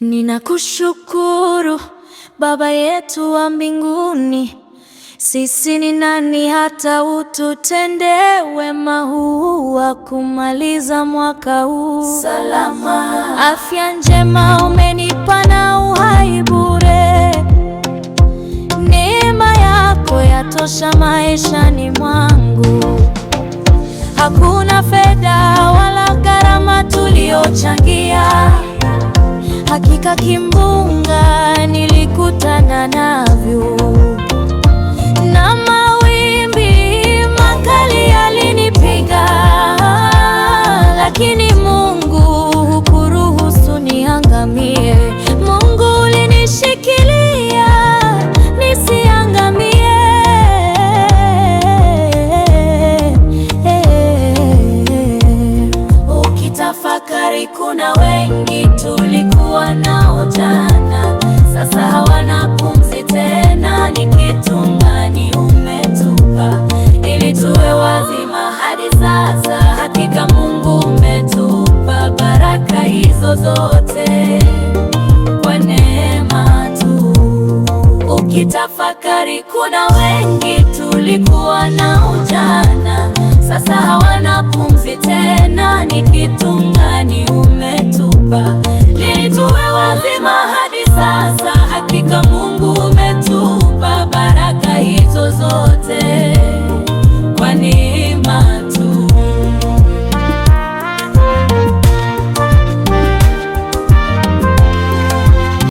Ninakushukuru Baba yetu wa mbinguni, sisi ni nani hata ututende wema huu wa kumaliza mwaka huu salama? Afya njema umenipa na uhai bure, neema yako yatosha maishani mwangu. kimbunga nilikutana navyo na mawimbi makali yalinipiga, lakini Mungu hukuruhusu niangamie. Mungu ulinishikilia nisiangamie. Ukitafakari kuna wengi tuli pumzi tena, ni kitu gani umetupa ili tuwe wazima hadi sasa? Hakika Mungu umetupa baraka hizo zote kwa neema tu. Ukitafakari, kuna wengi tulikuwa na ujana, sasa hawana pumzi tena, ni kitu gani umetupa Mungu umetu